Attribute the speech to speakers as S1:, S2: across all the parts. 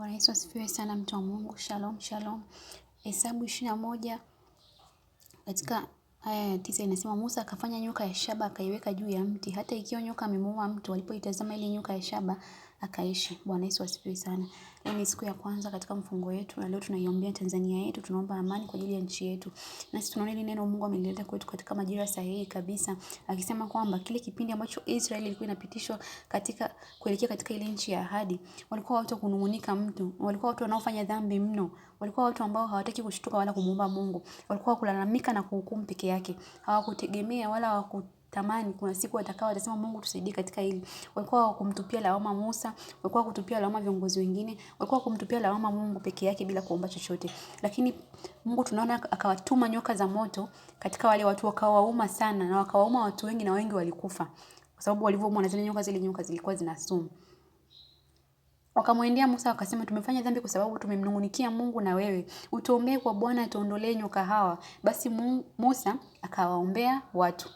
S1: Bwana Yesu asifiwe sana mtu wa Mungu. Shalom, shalom. Hesabu ishirini na moja katika aya ya tisa inasema Musa akafanya nyoka ya shaba akaiweka juu ya mti, hata ikiwa nyoka amemuua mtu. alipoitazama ile nyoka ya shaba akaishi. Bwana Yesu asifiwe sana. Leo ni siku ya kwanza katika mfungo wetu na leo tunaiombea Tanzania yetu, tunaomba amani kwa ajili ya nchi yetu. Na sisi tunaona hili neno Mungu amelileta kwetu katika majira sahihi kabisa. Akisema kwamba kile kipindi ambacho Israeli ilikuwa inapitishwa katika kuelekea katika ile nchi ya ahadi, walikuwa watu kunung'unika mtu, walikuwa watu wanaofanya dhambi mno, walikuwa watu ambao hawataki kushtuka wala kumuomba Mungu. Walikuwa kulalamika na kuhukumu peke yake. Hawakutegemea wala hawaku tamani kuna siku watakao watasema Mungu tusaidie katika hili. Walikuwa kumtupia lawama Musa, walikuwa kutupia lawama viongozi wengine, walikuwa kumtupia lawama Mungu peke yake bila kuomba chochote. Lakini Mungu tunaona akawatuma nyoka za moto katika wale watu wakawauma sana na wakawauma watu wengi na wengi walikufa. Kwa sababu walivyomwona zile nyoka zile nyoka zilikuwa zina sumu. Wakamwendea Musa wakasema, tumefanya dhambi kwa sababu tumemnung'unikia Mungu na wewe, utuombee kwa Bwana, tuondolee nyoka hawa. Basi Musa akawaombea watu.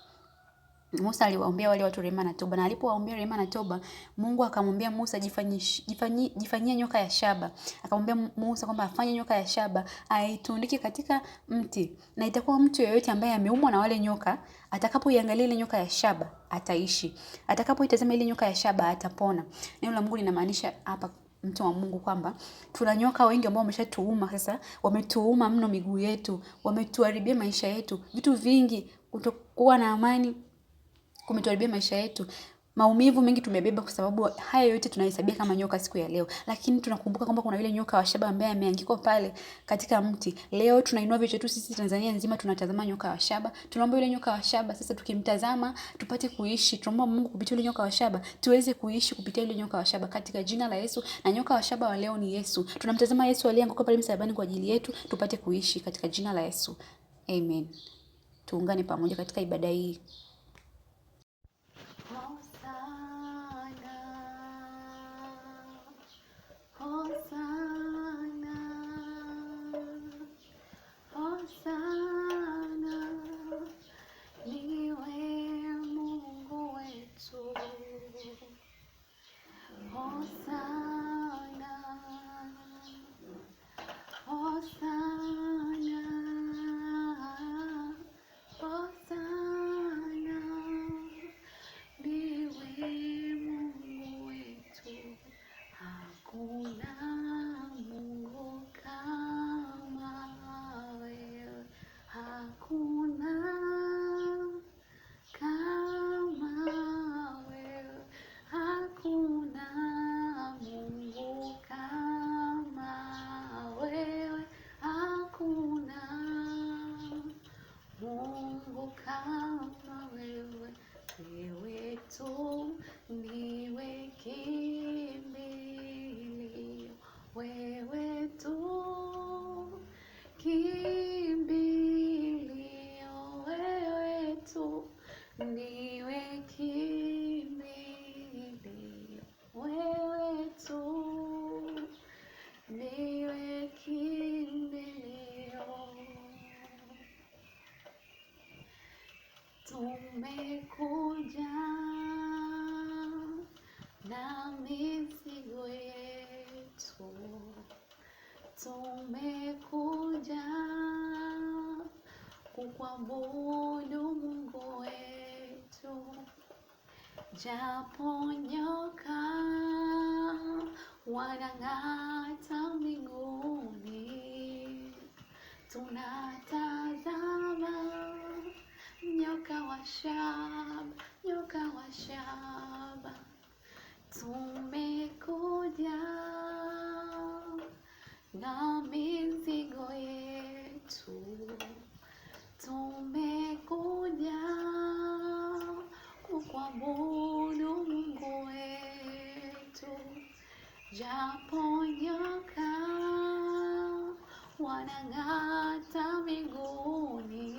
S1: Musa aliwaombea wale watu rehema na toba, na alipowaombea rehema na toba, Mungu akamwambia Musa jifanyie jifanyi, nyoka ya shaba. Akamwambia Musa kwamba afanye nyoka ya shaba aitundike katika mti, na itakuwa mtu yeyote ambaye ameumwa na wale nyoka atakapoiangalia ile nyoka ya shaba ataishi, atakapoitazama ile nyoka ya shaba atapona. Neno la Mungu linamaanisha hapa mtu wa Mungu kwamba tuna nyoka wengi ambao wameshatuuma sasa, wametuuma mno miguu yetu, wametuharibia maisha yetu, vitu vingi, kutokuwa na amani kumetuharibia maisha yetu. Maumivu mengi tumebeba kwa sababu haya yote tunahesabia kama nyoka siku ya leo, lakini tunakumbuka kwamba kuna yule nyoka wa shaba ambaye ameangikwa pale katika mti. Leo tunainua vichwa tu, sisi, Tanzania nzima tunatazama nyoka wa shaba, tunaomba yule nyoka wa shaba sasa, tukimtazama tupate kuishi. Tunaomba Mungu kupitia yule nyoka wa shaba tuweze kuishi kupitia yule nyoka wa shaba katika jina la Yesu. Na nyoka wa shaba wa leo ni Yesu, tunamtazama Yesu aliyeanguka pale msalabani kwa ajili yetu, tupate kuishi katika jina la Yesu, amen. Tuungane pamoja katika ibada hii. nyoka wanang'ata mbinguni, tunatazama nyoka wa shaba, nyoka wa shaba, tumekuja na mizigo yetu, tumekuja kukuabudu. Japonyoka wanang'ata miguuni,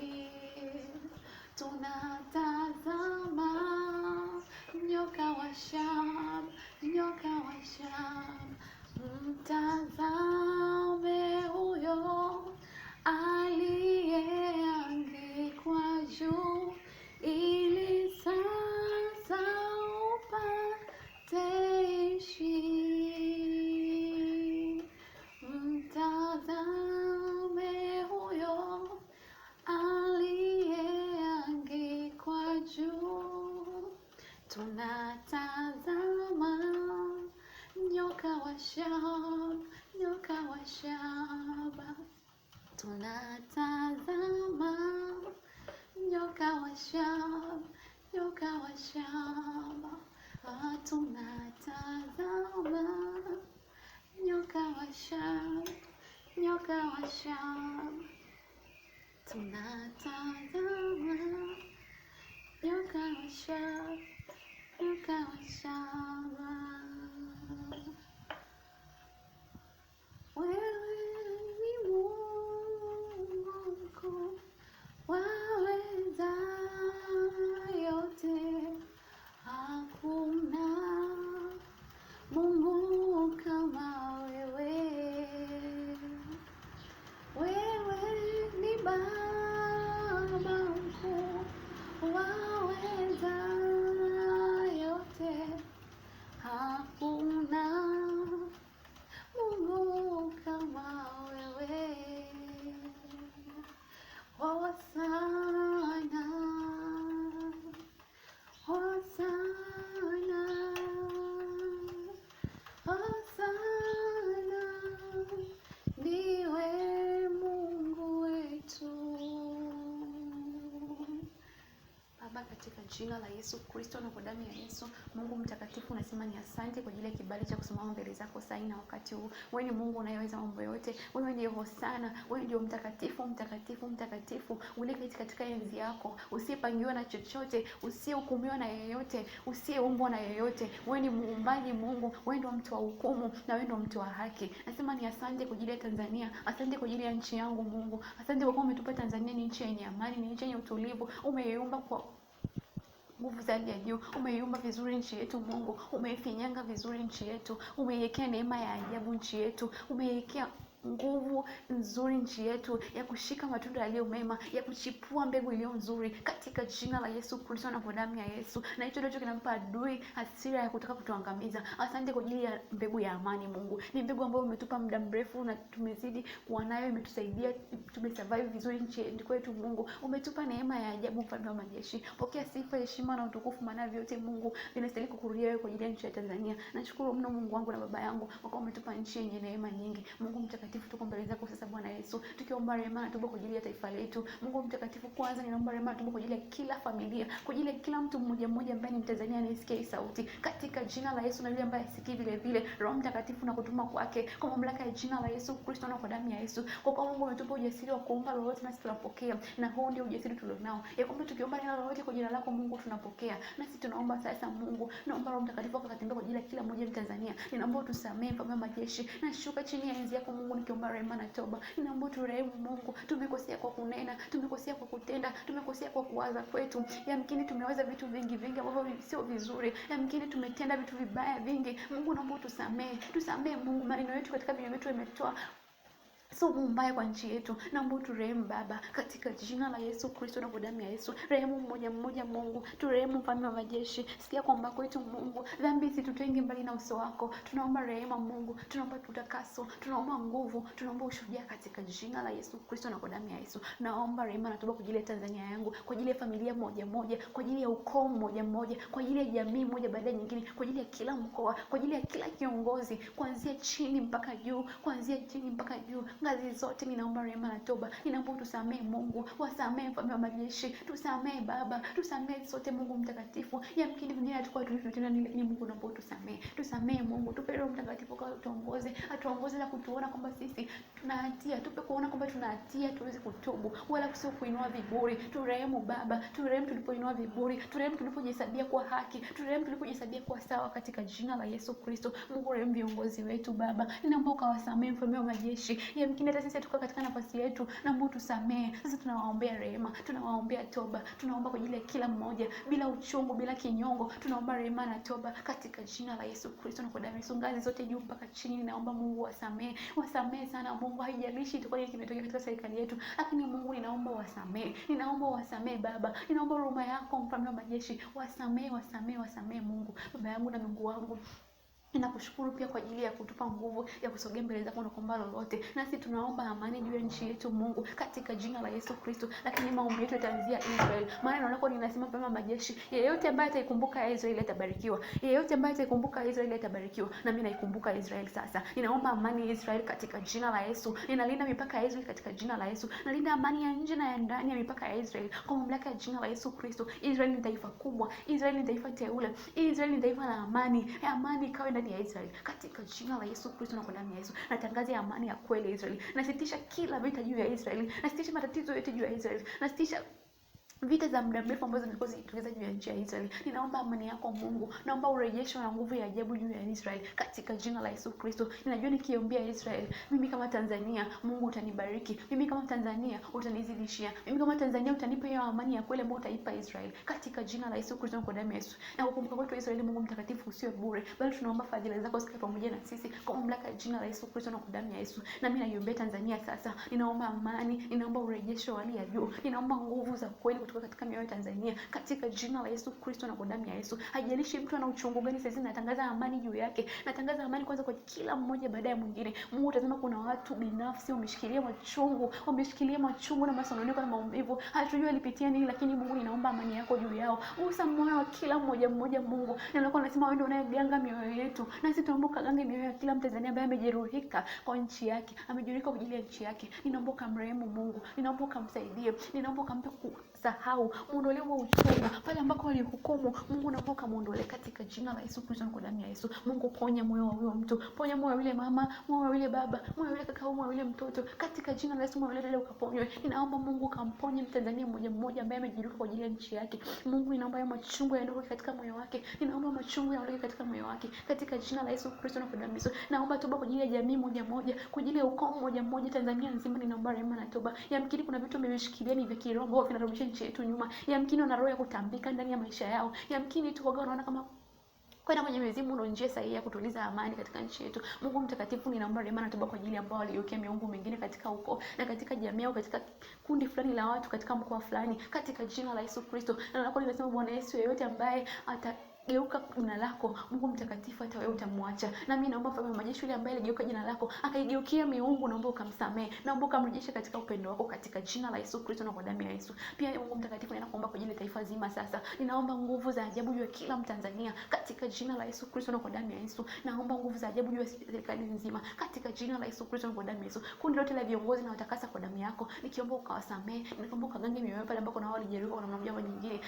S1: tunatazama nyoka wa Sham, nyoka wa Sham, mtazama 笑，又开玩笑，怎么做到呢？又开玩笑，又开玩笑。jina la Yesu Kristo na kwa damu ya Yesu. Mungu mtakatifu, nasema ni asante kwa ajili ya kibali cha kusimama mbele zako saa hii na wakati huu. Wewe ni Mungu unayeweza mambo yote, wewe ndiye Hosana, wewe ndiye mtakatifu, mtakatifu, mtakatifu, ulieketi katika enzi yako, usiyepangiwa na chochote, usiyehukumiwa na yeyote, usiyeumbwa na yeyote. Wewe ni muumbaji Mungu, wewe ndio mtu wa hukumu na wewe ndio mtu wa haki. Nasema ni asante kwa ajili ya Tanzania, asante kwa ajili ya nchi yangu Mungu, asante kwa kuwa umetupa Tanzania ni nchi yenye amani, ni nchi yenye utulivu, umeiumba kwa nguvu za hali ya juu. Umeiumba vizuri nchi yetu Mungu, umeifinyanga vizuri nchi yetu, umeiwekea neema ya ajabu nchi yetu, umeiwekea nguvu nzuri nchi yetu ya kushika matunda yaliyo mema, ya kuchipua mbegu iliyo nzuri katika jina la Yesu Kristo na kwa damu ya Yesu. Na hicho ndicho kinampa adui hasira ya kutaka kutuangamiza. Asante kwa ajili ya mbegu ya amani, Mungu. Ni mbegu ambayo umetupa muda mrefu na tumezidi kuwa nayo, imetusaidia tumesurvive vizuri nchi kwetu. Mungu umetupa neema ya ajabu, mfalme wa majeshi. Pokea sifa, heshima na utukufu, maana vyote Mungu vinastahili kukurudia wewe kwa ajili ya nchi ya Tanzania. Nashukuru mno Mungu wangu na baba yangu, kwa kuwa umetupa nchi yenye neema nyingi. Mungu mtakatifu mtakatifu, tuko kwa sasa Bwana Yesu, tukiomba rehema na toba kwa ajili ya taifa letu. Mungu mtakatifu, kwanza ninaomba rehema na toba kwa ajili ya kila familia, kwa ajili ya kila mtu mmoja mmoja ambaye ni Mtanzania anayesikia hii sauti, katika jina la Yesu, na yule ambaye asikii vile vile. Roho Mtakatifu na kutuma kwake, kwa mamlaka ya jina la Yesu Kristo na kwa damu ya Yesu, kwa kwa Mungu umetupa ujasiri wa kuomba lolote, nasi tunapokea, na huu ndio ujasiri tulionao ya kwamba tukiomba neno lolote kwa jina lako Mungu tunapokea. Nasi tunaomba sasa Mungu, naomba Roho Mtakatifu akakatembea kwa ajili ya kila mmoja Mtanzania. Ninaomba utusamee, Mfalme wa majeshi, nashuka chini ya enzi yako Mungu tukiomba rehema na toba. Naomba turehemu Mungu, tumekosea kwa kunena, tumekosea kwa kutenda, tumekosea kwa kuwaza kwetu. Yamkini tumeweza vitu vingi vingi ambavyo sio vizuri, yamkini tumetenda vitu vibaya vingi. Mungu, naomba tusamehe, tusamehe Mungu, maneno yetu katika vinywa vyetu yametoa So mumbaya kwa nchi yetu, naomba uturehemu Baba, katika jina la Yesu Kristo na kwa damu ya Yesu. Rehemu mmoja mmoja, Mungu, turehemu Mfalme wa majeshi. Sikia kwamba kwetu Mungu dhambi zitutenge mbali na uso wako. Tunaomba rehema Mungu, tunaomba utakaso, tunaomba nguvu, tunaomba ushujaa katika jina la Yesu Kristo na kwa damu ya Yesu. Naomba rehema na toba kwa ajili ya Tanzania yangu, kwa ajili ya familia moja moja, kwa ajili ya ukoo mmoja mmoja, kwa ajili ya jamii moja baada ya nyingine, kwa ajili ya kila mkoa, kwa ajili ya kila kiongozi, kuanzia chini mpaka juu, kuanzia chini mpaka juu ngazi zote. Ninaomba rehema na toba, ninaomba utusamee Mungu, wasamee mfalme wa majeshi, tusamee Baba, tusamee sote Mungu mtakatifu. Yamkini dunia atakuwa tulivyotenda ni Mungu, naomba utusamee, tusamee Mungu, tupe Roho Mtakatifu kwa utuongoze, atuongoze na kutuona kwamba sisi tunahatia, tupe kuona kwamba tunahatia tuweze kutubu, wala kusio kuinua viburi. Turehemu Baba, turehemu tulipoinua viburi, turehemu tulipojihesabia kwa haki, turehemu tulipojihesabia kwa sawa, katika jina la Yesu Kristo. Mungu, rehemu viongozi wetu Baba, ninaomba ukawasamee mfalme wa majeshi ya yule mwingine hata sisi tuko katika nafasi yetu, na Mungu tusamee. Sasa tunawaombea rehema, tunawaombea toba, tunaomba kwa ajili ya kila mmoja bila uchungu, bila kinyongo, tunaomba rehema na toba katika jina la Yesu Kristo, na kwa damu Yesu, ngazi zote juu mpaka chini, naomba Mungu wasamee, wasamee sana Mungu, haijalishi tuko nini kimetokea katika serikali yetu, lakini Mungu ninaomba wasamee, ninaomba wasamee Baba, ninaomba huruma yako, mfalme wa majeshi, wasamee, wasamee, wasamee Mungu, baba yangu na Mungu wangu Nakushukuru pia kwa ajili ya kutupa nguvu ya kusogea mbele zako na kuomba lolote, nasi tunaomba amani juu ya nchi yetu, Mungu, katika jina la Yesu Kristo. Lakini maombi yetu yataanzia Israel, maana naona kwa ninasema pema majeshi, yeyote ambaye ataikumbuka Israel atabarikiwa, yeyote ambaye ataikumbuka Israel atabarikiwa. Na mimi naikumbuka Israel sasa, ninaomba amani ya Israeli katika jina la Yesu. Ninalinda mipaka ya Israel katika jina la Yesu, nalinda amani ya nje na ya ndani ya mipaka ya Israel kwa mamlaka ya jina la Yesu Kristo. Israel ni taifa kubwa, Israel ni taifa teule, Israel ni taifa la amani. Amani ikawe ndani ya Israeli katika jina la Yesu Kristo, nako ndani ya Yesu natangaza amani ya kweli Israeli, nasitisha kila vita juu ya Israeli, nasitisha matatizo yote juu ya Israeli, nasitisha vita za muda mrefu ambazo zimekuwa zikitokeza juu ya nchi ya Israeli. Ninaomba amani yako Mungu, naomba urejesho na nguvu ya ajabu juu ya Israeli katika jina la Yesu Kristo. Ninajua nikiombea Israeli, mimi kama Tanzania Mungu utanibariki, mimi kama Tanzania utanizidishia, mimi kama Tanzania utanipa hiyo amani ya kweli ambayo utaipa Israeli katika jina la Yesu Kristo, kwa damu ya Yesu na kukumbuka kwetu Israeli. Mungu mtakatifu, usiwe bure, bali tunaomba fadhila zako zikae pamoja na sisi kwa mamlaka ya jina la Yesu Kristo na kwa damu ya Yesu. Na mimi naiombea Tanzania sasa, ninaomba amani, ninaomba urejesho wa hali ya juu, ninaomba nguvu za kweli kutoka kutoka katika mioyo ya Tanzania katika jina la Yesu Kristo na kwa damu ya Yesu. Haijalishi mtu ana uchungu gani, sasa natangaza amani juu yake. Natangaza amani kwanza kwa kila mmoja baada ya mwingine. Mungu tazama, kuna watu binafsi wameshikilia machungu, wameshikilia machungu na masononiko na maumivu. Hatujui alipitia nini, lakini Mungu ninaomba amani yako juu yao. Gusa moyo wa kila mmoja mmoja, Mungu. Na nilikuwa nasema wewe ndio unayeganga mioyo yetu. Na sisi tunaomba kagange mioyo ya kila Mtanzania ambaye amejeruhika kwa nchi yake, amejeruhika kwa ajili ya nchi yake. Ninaomba kamrehemu Mungu. Ninaomba kamsaidie. Ninaomba kampe sahau muondolee huo uchungu pale ambako walihukumu. Mungu naomba ukamuondolee katika jina la Yesu Kristo, kwa damu ya Yesu. Mungu ponya moyo wa huyo mtu, ponya moyo wa yule mama, moyo wa yule baba, moyo wa yule kaka, moyo wa yule mtoto, katika jina la Yesu. Moyo wa yule ukaponywe. Ninaomba Mungu kamponye Mtanzania mmoja mmoja ambaye amejiruka kwa ajili ya nchi yake. Mungu, ninaomba hayo machungu yaondoke katika moyo wake, ninaomba machungu yaondoke katika moyo wake, katika jina la Yesu Kristo na kwa damu ya Yesu. Naomba toba kwa ajili ya jamii moja moja, kwa ajili ya ukoo moja moja Tanzania nzima, ninaomba rehema na toba. Yamkini kuna vitu mmevishikilia ni vya kiroho ambavyo vinarudisha nchi yetu nyuma, yamkini wana roho ya kutambika ndani ya maisha yao, yamkini tu waga wanaona kama kwenda kwenye mizimu Mungu ndio njia sahihi ya kutuliza amani katika nchi yetu. Mungu mtakatifu, ninaomba rehema na toba kwa ajili ambao waliokea miungu mingine katika uko na katika jamii au katika kundi fulani la watu katika mkoa fulani, katika jina la Yesu Kristo. Na nako nimesema Bwana Yesu, yeyote ambaye ata geuka jina lako. Mungu mtakatifu, hata wewe utamwacha. Na mimi naomba mfalme wa majeshi, yule ambaye aligeuka jina lako akaigeukia miungu, naomba ukamsamee, naomba ukamrejesha katika upendo wako, katika jina la Yesu Kristo na kwa damu ya Yesu. Pia Mungu mtakatifu, nina kuomba kwa ajili ya taifa zima sasa. Ninaomba nguvu za ajabu juu ya kila Mtanzania katika jina la Yesu Kristo na kwa damu ya Yesu. Naomba nguvu za ajabu juu ya serikali nzima katika jina la Yesu Kristo na kwa damu ya Yesu. Kundi lote la viongozi na watakasa kwa damu yako, nikiomba ukawasamee, nikiomba ukagange mioyo pale ambako na wao walijeruhiwa kwa namna moja au nyingine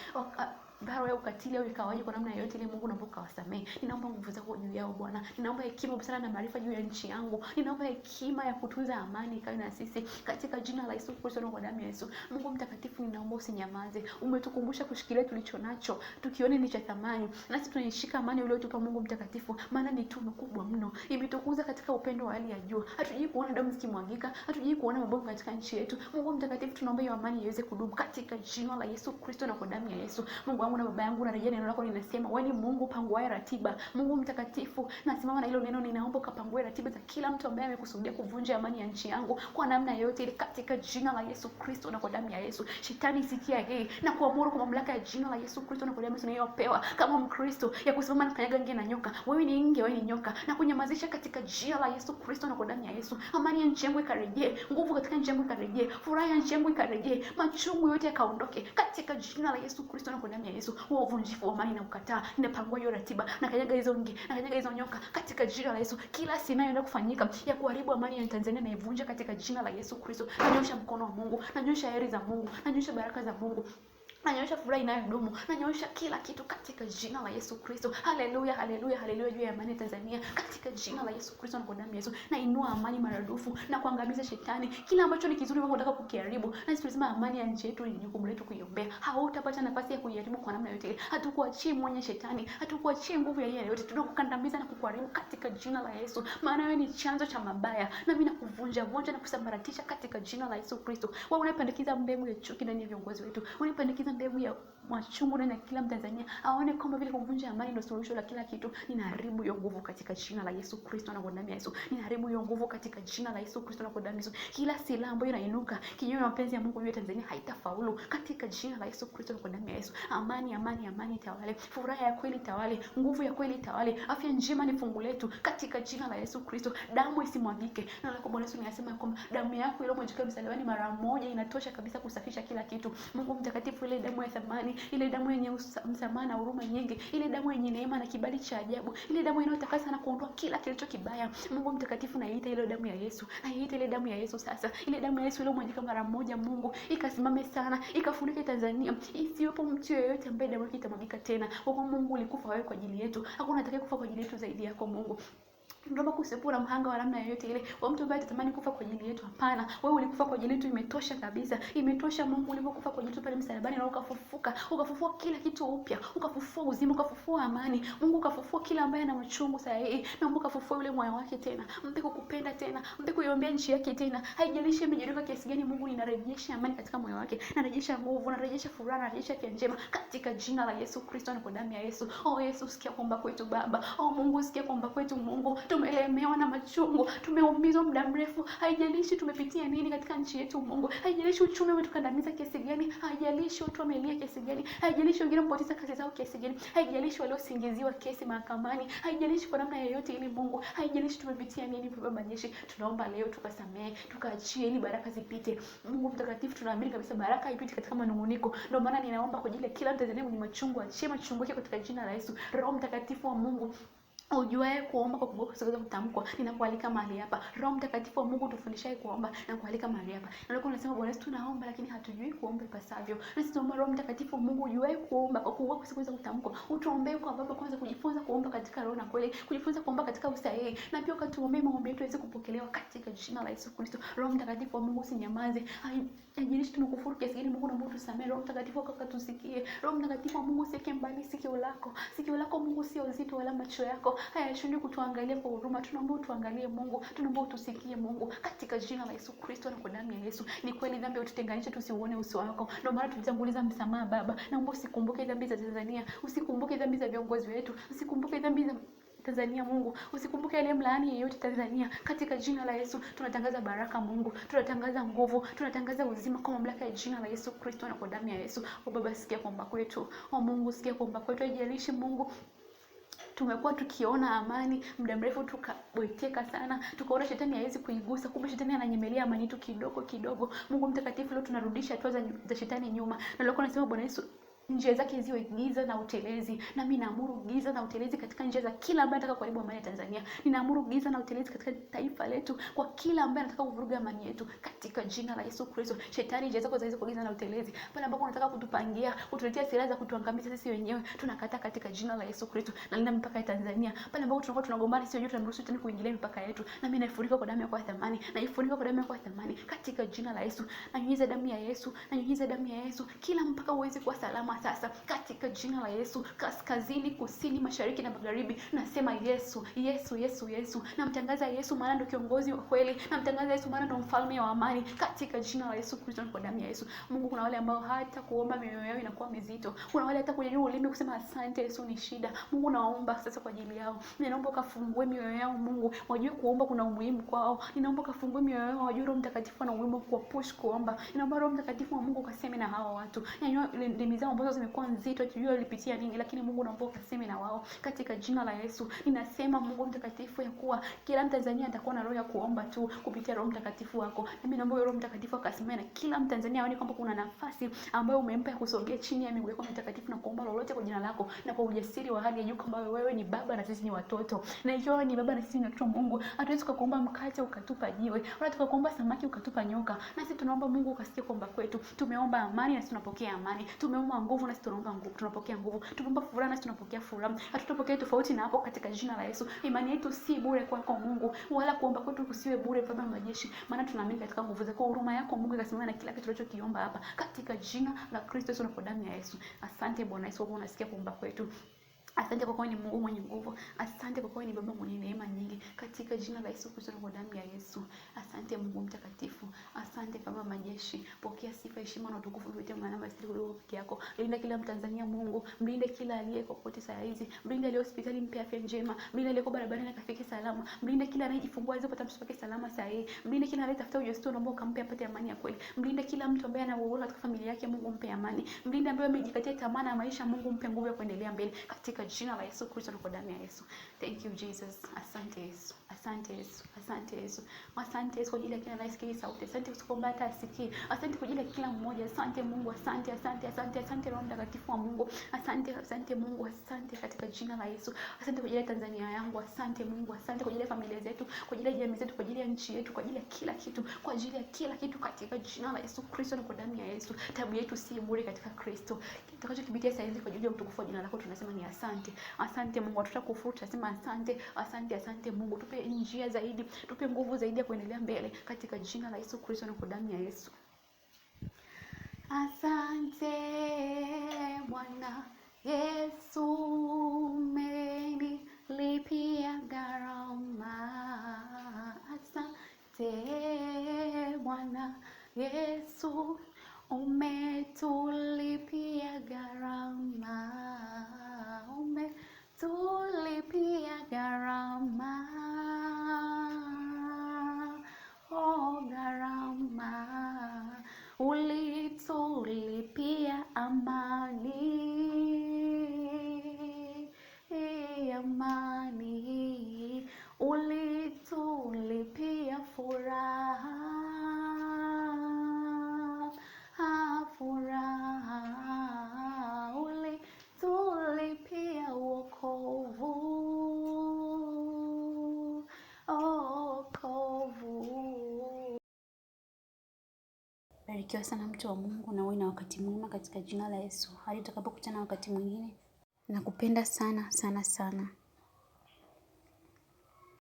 S1: dhara ya ukatili au ikawaje kwa namna yoyote ile, Mungu naomba ukawasamehe. Ninaomba nguvu zako juu yao Bwana, ninaomba hekima, busara na maarifa juu ya nchi yangu, ninaomba hekima ya kutunza amani ikawe na sisi katika jina la Yesu Kristo na kwa damu ya Yesu. Mungu mtakatifu, ninaomba usinyamaze, umetukumbusha kushikilia tulicho nacho, tukione ni cha thamani, nasi tunaishika amani uliotupa Mungu mtakatifu, maana ni tunu kubwa mno, imetukuza katika upendo wa hali ya juu. Hatujui kuona damu zikimwagika, hatujui kuona mabomu katika nchi yetu. Mungu mtakatifu, tunaomba hiyo amani iweze kudumu katika jina la Yesu Kristo na kwa damu ya Yesu. Mungu wangu na baba yangu, narejea neno lako, ninasema wewe ni Mungu panguae ratiba. Mungu mtakatifu, nasimama na hilo neno, ninaomba ukapangue ratiba za kila mtu ambaye amekusudia kuvunja amani ya nchi yangu kwa namna yoyote ile, katika jina la Yesu Kristo na kwa damu ya Yesu. Shetani, sikia hii na kuamuru kwa mamlaka ya jina la Yesu Kristo na kwa damu tunayopewa kama Mkristo ya kusimama na kanyaga nge na nyoka. Wewe ni nge, wewe ni nyoka, na kunyamazisha katika jina la Yesu Kristo na kwa damu ya Yesu. Amani ya nchi yangu ikarejee, nguvu katika nchi yangu ikarejee, furaha ya nchi yangu ikarejee, machungu yote yakaondoke katika jina la Yesu Kristo na kwa damu ya Yesu. Yesu, huo uvunjifu wa amani na ukataa, ninapangua hiyo ratiba, kanyaga hizo nge, kanyaga hizo nyoka katika jina la Yesu. Kila sinayoenda kufanyika ya kuharibu amani ya Tanzania naivunja katika jina la Yesu Kristo. Nanyosha mkono wa Mungu, nanyosha heri za Mungu, nanyosha baraka za Mungu nanyosha furaha inayodumu, nanyosha kila kitu katika jina la Yesu Kristo. Haleluya, haleluya, haleluya juu ya amani Tanzania katika jina la Yesu Kristo na kwa damu ya Yesu. Na inua amani maradufu na kuangamiza shetani. Kila ambacho ni kizuri wewe unataka kukiharibu. Na sisi tunasema amani ya nchi yetu ni jukumu letu kuiombea. Hautapata nafasi ya kuiharibu kwa namna yoyote. Hatukuachii mwenye shetani, hatukuachii nguvu ya yeye yote. Tunakukandamiza na kukuharibu katika jina la Yesu. Maana wewe ni chanzo cha mabaya. Na mimi nakuvunja vunja na kusambaratisha katika jina la Yesu Kristo. Wewe unapendekeza mbegu ya chuki ndani ya viongozi wetu. unapendekeza kuongeza mbegu ya machungu ndani ya kila Mtanzania, aone kwamba vile kuvunja amani ndio suluhisho la kila kitu. Ninaharibu hiyo nguvu katika jina la Yesu Kristo na kwa damu ya Yesu. Ninaharibu hiyo nguvu katika jina la Yesu Kristo na kwa damu ya Yesu. Kila silaha ambayo inainuka kinyume na mapenzi ya Mungu juu ya Tanzania haitafaulu katika jina la Yesu Kristo na kwa damu ya Yesu. Amani, amani, amani tawale. Furaha ya kweli tawale. Nguvu ya kweli tawale. Afya njema ni fungu letu katika jina la Yesu Kristo. Damu isimwagike. Na kwa Bwana Yesu ninasema kwamba damu yako ile mwanjika msalabani mara moja inatosha kabisa kusafisha kila kitu. Mungu mtakatifu ile ile damu ya thamani, ile damu yenye msamaha na huruma nyingi, ile damu yenye neema na kibali cha ajabu, ile damu inayotakasa na kuondoa kila kilicho kibaya. Mungu mtakatifu, naiita ile damu ya Yesu, naiita ile damu ya Yesu sasa, ile damu ya Yesu iliyomwagika mara moja, Mungu ikasimame sana, ikafunike Tanzania, isiwepo mtu yeyote ambaye damu yake itamwagika tena. Kwa Mungu ulikufa wewe kwa ajili yetu, hakuna atakayekufa kwa ajili yetu zaidi yako Mungu tunaomba kusepu na mhanga wa namna yoyote ile wa mtu ambaye atatamani kufa kwa ajili yetu. Hapana, wewe ulikufa kwa ajili yetu, imetosha kabisa, imetosha. Mungu ulipokufa kwa ajili yetu pale msalabani, na ukafufuka, ukafufua kila kitu upya, ukafufua uzima, ukafufua amani. Mungu ukafufua kila ambaye ana machungu saa hii, na Mungu ukafufua yule moyo wake tena, mpe kukupenda tena, mpe kuiombea nchi yake tena. Haijalishi amejeruhiwa kiasi gani, Mungu ninarejesha amani katika moyo wake, narejesha nguvu, narejesha furaha, narejesha afya njema katika jina la Yesu Kristo na kwa damu ya Yesu. Oh Yesu, sikia kuomba kwetu Baba. Oh Mungu, sikia kuomba kwetu Mungu. Tum tumelemewa eh, na machungu, tumeumizwa muda mrefu. Haijalishi tumepitia nini katika nchi yetu Mungu, haijalishi uchumi umetukandamiza kiasi gani, haijalishi watu wamelia kiasi gani, haijalishi wengine wamepoteza kazi zao kiasi gani, haijalishi waliosingiziwa kesi mahakamani, haijalishi kwa namna yoyote ili Mungu, haijalishi tumepitia nini. Baba majeshi, tunaomba leo tukasamehe, tukaachie ili baraka zipite. Mungu mtakatifu, tunaamini kabisa baraka ipite katika manunguniko. Ndio maana ninaomba kwa ajili ya kila mtu mwenye machungu, achie machungu yake katika jina la Yesu. Roho Mtakatifu wa Mungu ujue kuomba kwa kuogopa kusikiliza kutamkwa. Ninakualika mahali hapa, Roho Mtakatifu wa Mungu tufundishaye kuomba, nakualika mahali hapa. Na leo unasema Bwana, sisi tunaomba lakini hatujui kuomba ipasavyo. na sisi tunaomba Roho Mtakatifu wa Mungu ujue kuomba kwa kuogopa kusikiliza kutamkwa. Utuombee kwa baba kwanza, kujifunza kuomba katika roho na kweli, kujifunza kuomba katika usahihi, na pia ukatuombee maombi yetu yaweze kupokelewa katika jina la Yesu Kristo. Roho Mtakatifu wa Mungu usinyamaze. ai Jilishi tunakufuru kiasi gani Mungu, naomba tusamehe. Roho Mtakatifu akakatusikie. Roho Mtakatifu wa Mungu usiweke mbali sikio lako. Sikio lako Mungu sio uzito wala macho yako. Haya shindi kutuangalia kwa huruma. Tunaomba utuangalie Mungu. Tunaomba utusikie Mungu. Katika jina la Yesu Kristo na kwa damu ya Yesu. Ni kweli dhambi ututenganisha tusiuone uso wako. Ndio maana tulitanguliza msamaha Baba. Naomba usikumbuke dhambi za Tanzania. Usikumbuke dhambi za viongozi wetu. Usikumbuke dhambi za Tanzania Mungu usikumbuke ile mlaani yeyote Tanzania, katika jina la Yesu tunatangaza baraka Mungu, tunatangaza nguvu, tunatangaza uzima kwa mamlaka ya jina la Yesu Kristo na kwa damu ya Yesu. O oh Baba, sikia kuomba kwetu. O oh Mungu, sikia kuomba kwetu, haijalishi Mungu tumekuwa tukiona amani muda mrefu, tukabweteka sana, tukaona shetani hawezi kuigusa, kumbe shetani ananyemelea amani tu kidogo kidogo. Mungu mtakatifu, leo tunarudisha hatua za shetani nyuma, na leo nasema Bwana Yesu njia zake ziwe giza na utelezi. Na mimi naamuru giza na utelezi katika njia za kila ambaye anataka kuharibu amani ya Tanzania. Ninaamuru giza na utelezi katika taifa letu, kwa kila ambaye anataka kuvuruga amani yetu, katika jina la Yesu Kristo. Shetani, njia zako zaweze kugiza na utelezi, pale ambapo unataka kutupangia, kutuletea silaha za kutuangamiza sisi wenyewe, tunakataa katika jina la Yesu Kristo. Nalinda mipaka ya Tanzania, pale ambapo tunakuwa tunagombana sisi wenyewe, tunamruhusu tena kuingilia mipaka yetu, na mimi naifunika kwa damu yako ya thamani, naifunika kwa damu yako ya thamani, katika jina la Yesu. Nanyunyiza damu ya Yesu, nanyunyiza damu ya Yesu, kila mpaka uweze kuwa salama Simama sasa katika jina la Yesu, kaskazini, kusini, mashariki na magharibi, nasema Yesu, Yesu, Yesu, Yesu. Namtangaza Yesu maana ndio kiongozi wa kweli, namtangaza Yesu maana ndio mfalme wa amani, katika jina la Yesu Kristo na kwa damu ya Yesu. Mungu, kuna wale ambao hata kuomba mioyo yao inakuwa mizito, kuna wale hata kunyanyua ulimi kusema asante Yesu ni shida. Mungu, naomba sasa kwa ajili yao, ninaomba ukafungue mioyo yao Mungu, wajue kuomba kuna umuhimu kwao. Ninaomba ukafungue mioyo yao, wajue Roho Mtakatifu ana umuhimu kwa push kuomba. Ninaomba Roho Mtakatifu wa Mungu ukaseme na hawa watu, nyanyua ndimi zao ambazo zimekuwa nzito, tujua ulipitia nini, lakini Mungu naomba ukaseme na wao katika jina la Yesu. Ninasema Mungu mtakatifu, ya kuwa kila Mtanzania atakuwa na roho ya kuomba tu kupitia Roho Mtakatifu wako, nami naomba Roho Mtakatifu akasimame na kila Mtanzania aone kwamba kuna nafasi ambayo umempa ya kusogea chini ya miguu yako mtakatifu na kuomba lolote kwa jina lako na kwa ujasiri wa hali ya juu, kwamba wewe ni baba na sisi ni watoto, na ikiwa ni baba na sisi ni watoto wa Mungu, hatuwezi kuomba mkate ukatupa jiwe, wala tukakuomba samaki ukatupa nyoka. Nasi tunaomba Mungu ukasikie kuomba kwetu. Tumeomba amani na sisi tunapokea amani, tumeomba nguvu nguvu nasi tunaomba nguvu, tunapokea nguvu. Tunaomba furaha nasi tunapokea furaha. Hatutapokea tofauti na hapo katika jina la Yesu. Imani yetu si bure kwako Mungu, wala kuomba kwetu kusiwe bure, Baba wa majeshi, maana tunaamini katika nguvu zako, huruma yako Mungu ikasimama na kila kitu tunachokiomba hapa katika jina la Kristo Yesu na kwa damu ya Yesu. Asante Bwana Yesu, unasikia kuomba kwetu. Asante kwa kuwa ni Mungu mwenye nguvu. Asante kwa kuwa ni Baba mwenye neema nyingi, katika jina la Yesu Kristo na kwa damu ya Yesu. Asante Mungu mtakatifu, asante Baba majeshi. Pokea sifa, heshima na utukufu wote vyote peke yako. Linda kila Mtanzania Mungu, mlinde kila aliye kokote saa hizi, mlinde aliye hospitali, mpe afya njema, mlinde aliye barabarani akafike salama, mlinde kila anayejifungua aweze kupata mtoto wake salama saa hii, mlinde kila anayetafuta ujauzito, naomba ukampe apate amani ya kweli, mlinde kila mtu ambaye anauona katika familia yake, Mungu mpe amani, mlinde ambaye amejikatia tamaa na maisha, Mungu mpe nguvu ya kuendelea mbele katika jina la Yesu Kristo na kwa damu ya Yesu. Thank you Jesus. Asante Yesu. Asante Yesu. Asante Yesu. Asante Yesu kwa ajili ya kila anayesikia sauti. Asante kwa kwa hata atasikii. Asante kwa ajili ya kila mmoja. Asante Mungu. Asante, asante, asante, asante Roho Mtakatifu wa Mungu. Asante, asante Mungu. Asante katika jina la Yesu. Asante kwa ajili ya Tanzania yangu. Asante Mungu. Asante kwa ajili ya familia zetu, kwa ajili ya jamii zetu, kwa ajili ya nchi yetu, kwa ajili ya kila kitu, kwa ajili ya kila kitu katika jina la Yesu Kristo na kwa damu ya Yesu. Tabu yetu si bure katika Kristo. Tutakachokibitia saa hizi kwa ajili ya utukufu wa jina lako tunasema ni asante. Asante Mungu, hatutakufuta, tunasema asante, asante, asante Mungu. Tupe njia zaidi, tupe nguvu zaidi ya kuendelea mbele katika jina la Yesu Kristo na kwa damu ya Yesu. Asante Bwana Yesu, umenilipia gharama. Asante Bwana Yesu umetulipia gharama, umetulipia gharama, oh gharama, ulitulipia amani Barikiwa sana mtu wa Mungu na uwe na wakati mwema katika jina la Yesu. Hadi tutakapokutana wakati mwingine. Nakupenda sana sana sana.